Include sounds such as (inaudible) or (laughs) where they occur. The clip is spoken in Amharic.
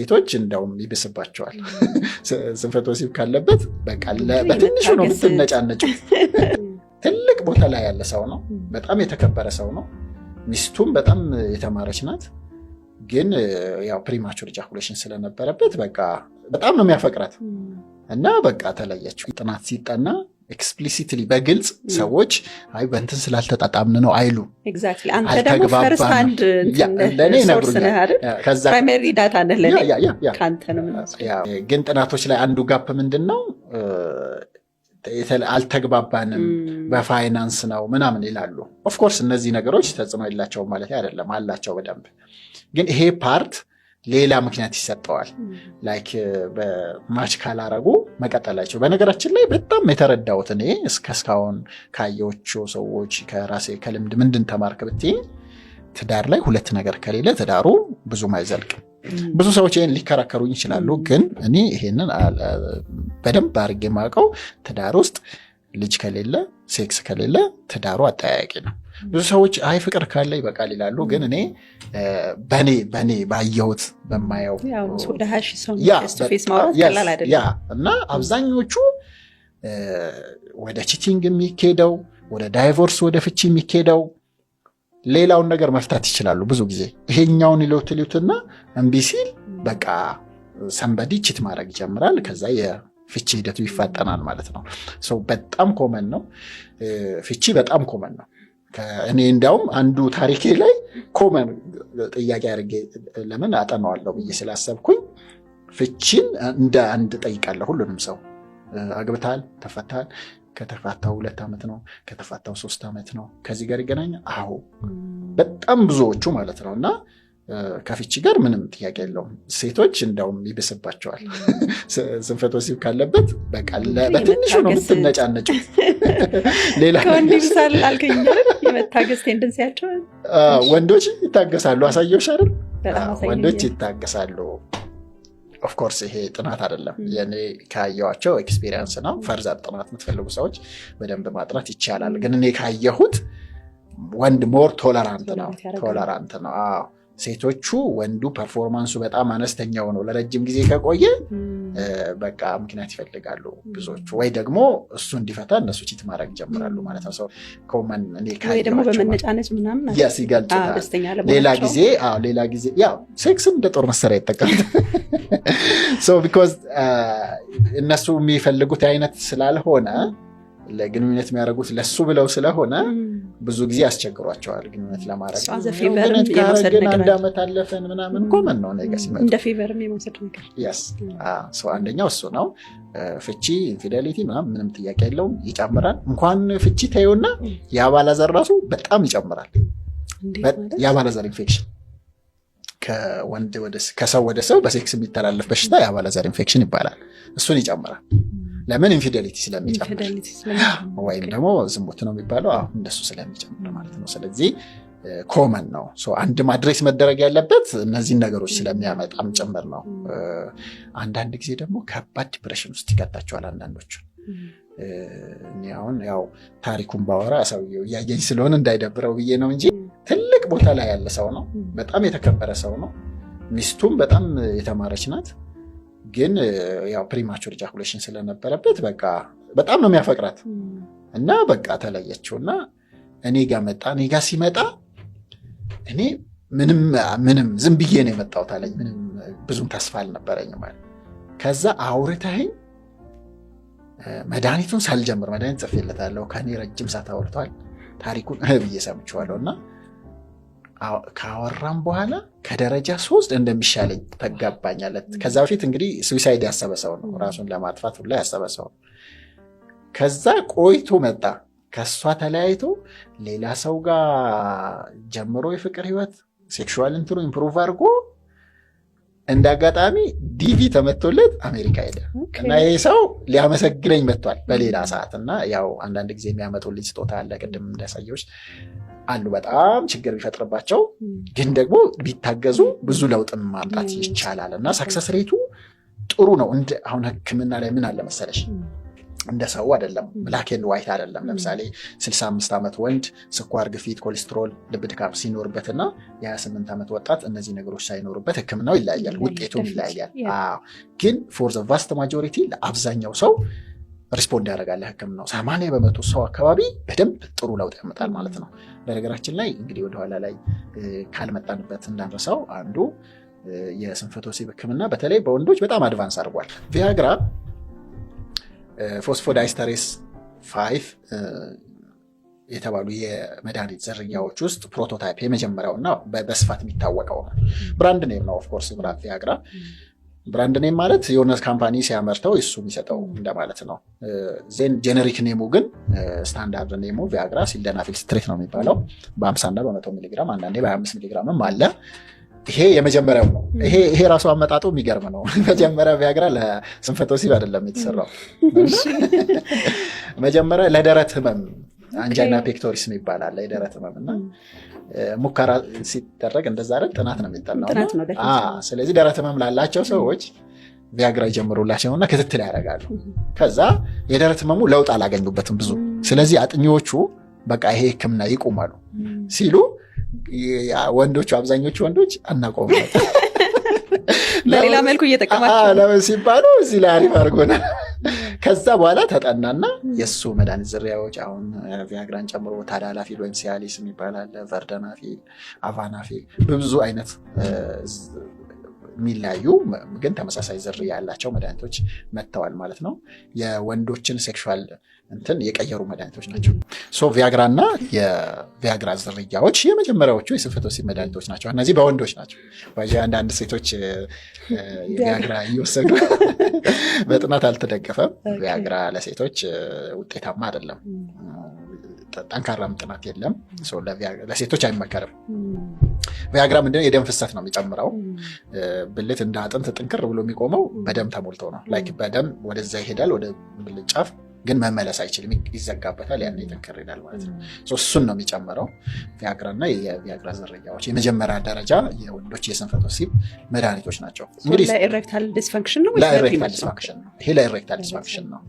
ቤቶች እንደውም ይብስባቸዋል። ስንፈተ ወሲብ ካለበት በቃ በትንሹ ነው የምትነጫነጭው። (laughs) ትልቅ ቦታ ላይ ያለ ሰው ነው፣ በጣም የተከበረ ሰው ነው። ሚስቱም በጣም የተማረች ናት። ግን ያው ፕሪማቹር ኢጃኩሌሽን ስለነበረበት በቃ በጣም ነው የሚያፈቅራት እና በቃ ተለየችው። ጥናት ሲጠና ኤክስፕሊሲትሊ በግልጽ ሰዎች አይ በንትን ስላልተጣጣምን ነው አይሉ። ግን ጥናቶች ላይ አንዱ ጋፕ ምንድን ነው አልተግባባንም፣ በፋይናንስ ነው ምናምን ይላሉ። ኦፍኮርስ እነዚህ ነገሮች ተጽዕኖ የላቸውም ማለት አይደለም፣ አላቸው በደንብ ግን ይሄ ፓርት ሌላ ምክንያት ይሰጠዋል። ላይክ በማች ካላረጉ መቀጠላቸው። በነገራችን ላይ በጣም የተረዳሁት እኔ እስከስካሁን ካየዎቹ ሰዎች ከራሴ ከልምድ ምንድን ተማርክ ብትይኝ ትዳር ላይ ሁለት ነገር ከሌለ ትዳሩ ብዙም አይዘልቅም። ብዙ ሰዎች ይህን ሊከራከሩኝ ይችላሉ፣ ግን እኔ ይሄንን በደንብ አድርጌ የማውቀው ትዳር ውስጥ ልጅ ከሌለ ሴክስ ከሌለ ትዳሩ አጠያያቂ ነው። ብዙ ሰዎች አይ ፍቅር ካለ ይበቃል ይላሉ። ግን እኔ በኔ በኔ ባየሁት በማየው እና አብዛኞቹ ወደ ቺቲንግ የሚሄደው ወደ ዳይቮርስ ወደ ፍቺ የሚሄደው ሌላውን ነገር መፍታት ይችላሉ። ብዙ ጊዜ ይሄኛውን ይሉት ይሉትና እምቢ ሲል በቃ ሰንበዲ ቺት ማድረግ ይጀምራል። ከዛ ፍቺ ሂደቱ ይፋጠናል ማለት ነው። ሰው በጣም ኮመን ነው። ፍቺ በጣም ኮመን ነው። እኔ እንዲያውም አንዱ ታሪኬ ላይ ኮመን ጥያቄ አድርጌ ለምን አጠናዋለሁ ብዬ ስላሰብኩኝ ፍቺን እንደ አንድ ጠይቃለሁ። ሁሉንም ሰው አግብታል፣ ተፈታል፣ ከተፋታው ሁለት ዓመት ነው፣ ከተፋታው ሶስት ዓመት ነው፣ ከዚህ ጋር ይገናኛል? አዎ በጣም ብዙዎቹ ማለት ነው እና ከፍቺ ጋር ምንም ጥያቄ የለውም። ሴቶች እንደውም ይብስባቸዋል። ስንፈት ወሲብ ካለበት በትንሹ ነው የምትነጫነጭ። (laughs) ሌላ ወንዶች ይታገሳሉ። አሳየውሽ አይደል? ወንዶች ይታገሳሉ። ኦፍኮርስ ይሄ ጥናት አይደለም፣ የኔ ካየኋቸው ኤክስፒሪየንስ ነው። ፈርዘር ጥናት የምትፈልጉ ሰዎች በደንብ ማጥናት ይቻላል። ግን እኔ ካየሁት ወንድ ሞር ቶለራንት ነው ቶለራንት ነው። አዎ ሴቶቹ ወንዱ ፐርፎርማንሱ በጣም አነስተኛው ነው ለረጅም ጊዜ ከቆየ በቃ ምክንያት ይፈልጋሉ ብዙዎቹ፣ ወይ ደግሞ እሱ እንዲፈታ እነሱ ቺት ማድረግ ጀምራሉ ማለት ነው። ሰው ኮመን ሌላ ጊዜ ሌላ ጊዜ ያው ሴክስን እንደ ጦር መሰሪያ ይጠቀማል። ቢኮዝ (laughs) እነሱ የሚፈልጉት አይነት ስላልሆነ ለግንኙነት የሚያደርጉት ለሱ ብለው ስለሆነ ብዙ ጊዜ ያስቸግሯቸዋል ግንኙነት ለማድረግ። ግን አንድ ዓመት አለፈን ምናምን ኮመን ነው ነገ ሲመጡ እንደ ፌቨርም የመውሰድ ነገር ሰው አንደኛው እሱ ነው። ፍቺ ኢንፊደሊቲ ምናምን ምንም ጥያቄ የለውም ይጨምራል። እንኳን ፍቺ ተይውና የአባላዘር ራሱ በጣም ይጨምራል። የአባላዘር ኢንፌክሽን ከሰው ወደ ሰው በሴክስ የሚተላለፍ በሽታ የአባላዘር ኢንፌክሽን ይባላል። እሱን ይጨምራል። ለምን ኢንፊደሊቲ ስለሚጨምር ወይም ደግሞ ዝሙት ነው የሚባለው አሁን እንደሱ ስለሚጨምር ማለት ነው። ስለዚህ ኮመን uh, ነው። አንድ ማድሬስ መደረግ ያለበት እነዚህን ነገሮች ስለሚያመጣም ጭምር ነው። mm. uh, አንዳንድ ጊዜ ደግሞ ከባድ ዲፕሬሽን ውስጥ ይከታቸዋል አንዳንዶቹ mm. uh, አሁን ያው ታሪኩን ባወራ ሰውየው እያየኝ ስለሆነ እንዳይደብረው ብዬ ነው እንጂ mm. ትልቅ ቦታ ላይ ያለ ሰው ነው። በጣም የተከበረ ሰው ነው። ሚስቱም በጣም የተማረች ናት። ግን ያው ፕሪማቹር ኢጃኩሌሽን ስለነበረበት በቃ በጣም ነው የሚያፈቅራት እና በቃ ተለየችው እና እኔ ጋር መጣ። እኔ ጋር ሲመጣ እኔ ምንም ምንም ዝም ብዬ ነው የመጣሁት አለኝ። ምንም ብዙም ተስፋ አልነበረኝ ማለት ከዛ አውርተኸኝ መድኃኒቱን ሳልጀምር መድኃኒት ጽፌለታለሁ ከኔ ረጅም ሰዓት አውርተዋል። ታሪኩን ብዬ ሰምቼዋለሁ እና ካወራም በኋላ ከደረጃ ሶስት እንደሚሻለኝ ተጋባኛለት። ከዛ በፊት እንግዲህ ስዊሳይድ ያሰበሰው ነው፣ ራሱን ለማጥፋት ሁላ ያሰበሰው ነው። ከዛ ቆይቶ መጣ ከእሷ ተለያይቶ ሌላ ሰው ጋር ጀምሮ የፍቅር ህይወት ሴክሹዋል እንትኑ ኢምፕሩቭ አድርጎ እንደ አጋጣሚ ዲቪ ተመቶለት አሜሪካ ሄደ እና ይህ ሰው ሊያመሰግነኝ መጥቷል በሌላ ሰዓት። እና ያው አንዳንድ ጊዜ የሚያመጡልኝ ስጦታ አለ። ቅድም እንዳሳየች አሉ በጣም ችግር ቢፈጥርባቸው ግን ደግሞ ቢታገዙ ብዙ ለውጥን ማምጣት ይቻላል እና ሳክሰስ ሬቱ ጥሩ ነው። አሁን ህክምና ላይ ምን አለ መሰለሽ እንደ ሰው አይደለም። ብላክ ኤንድ ዋይት አይደለም። ለምሳሌ 65 ዓመት ወንድ ስኳር፣ ግፊት፣ ኮሌስትሮል፣ ልብ ድካም ሲኖርበትና የ28 ዓመት ወጣት እነዚህ ነገሮች ሳይኖርበት ህክምናው ይለያያል፣ ውጤቱም ይለያያል። ግን ፎር ዘ ቫስት ማጆሪቲ ለአብዛኛው ሰው ሪስፖንድ ያደርጋል ሕክምናው። 80 በመቶ ሰው አካባቢ በደንብ ጥሩ ለውጥ ያመጣል ማለት ነው። በነገራችን ላይ እንግዲህ ወደኋላ ላይ ካልመጣንበት እንዳንረሳው አንዱ የስንፈተ ወሲብ በተለይ በወንዶች በጣም አድቫንስ አድርጓል ቪያግራ ፎስፎዳይስተሬስ ፋይፍ የተባሉ የመድኃኒት ዝርያዎች ውስጥ ፕሮቶታይፕ የመጀመሪያው የመጀመሪያውና በስፋት የሚታወቀው ነው። ብራንድ ኔም ነው ኦፍኮርስ ምራት ቪያግራ ብራንድ ኔም ማለት የሆነ ካምፓኒ ሲያመርተው እሱ የሚሰጠው እንደማለት ነው። ዜን ጄኔሪክ ኔሙ ግን ስታንዳርድ ኔሙ ቪያግራ ሲልደናፊል ስትሬት ነው የሚባለው በ50 እና ሚሊግራም አንዳንዴ በ25 ሚሊግራምም አለ። ይሄ የመጀመሪያው ነው። ይሄ ራሱ አመጣጡ የሚገርም ነው። (laughs) መጀመሪያ ቪያግራ ለስንፈቶሲቭ አይደለም የተሰራው። (laughs) መጀመሪያ ለደረት ህመም አንጃና ፔክቶሪስም ይባላል አለ የደረት ህመም እና ሙከራ ሲደረግ እንደዛ አይደል ጥናት ነው የሚጠናው። ስለዚህ ደረት ህመም ላላቸው ሰዎች ቪያግራ ይጀምሩላቸው እና ክትትል ያደርጋሉ። ከዛ የደረት ህመሙ ለውጥ አላገኙበትም ብዙ። ስለዚህ አጥኚዎቹ በቃ ይሄ ህክምና ይቁማሉ ሲሉ ወንዶቹ አብዛኞቹ ወንዶች አናቆም ለሌላ (laughs) መልኩ እየጠቀማቸው ሲባሉ እዚህ ላይ አሪፍ አድርጎናል። (laughs) ከዛ በኋላ ተጠናና የእሱ መድኃኒት ዝርያዎች አሁን ቪያግራን ጨምሮ ታዳላፊል ወይም ሲያሊስ የሚባላለ ቨርደናፊል፣ አቫናፊል በብዙ አይነት የሚለያዩ ግን ተመሳሳይ ዝርያ ያላቸው መድኃኒቶች መጥተዋል ማለት ነው። የወንዶችን ሴክሹዋል እንትን የቀየሩ መድኃኒቶች ናቸው። ሶ ቪያግራ እና የቪያግራ ዝርያዎች የመጀመሪያዎቹ የስንፈቶሲድ መድኃኒቶች ናቸው። እነዚህ በወንዶች ናቸው። አንዳንድ ሴቶች ቪያግራ እየወሰዱ በጥናት አልተደገፈም። ቪያግራ ለሴቶች ውጤታማ አይደለም። ጠንካራም ጥናት የለም። ለሴቶች አይመከርም። ቪያግራ ምንድነው? የደም ፍሰት ነው የሚጨምረው። ብልት እንደ አጥንት ጥንክር ብሎ የሚቆመው በደም ተሞልቶ ነው። ላይክ በደም ወደዛ ይሄዳል፣ ወደ ብልት ጫፍ ግን መመለስ አይችልም፣ ይዘጋበታል። ያን የጠንከር ይላል ማለት ነው። እሱን ነው የሚጨምረው ቪያግራና የቪያግራ ዝርያዎች። የመጀመሪያ ደረጃ የወንዶች የስንፈት ወሲብ መድኃኒቶች ናቸው። እንግዲህ ዲስፋንክሽን ነው። ይሄ ዲስፋንክሽን ነው።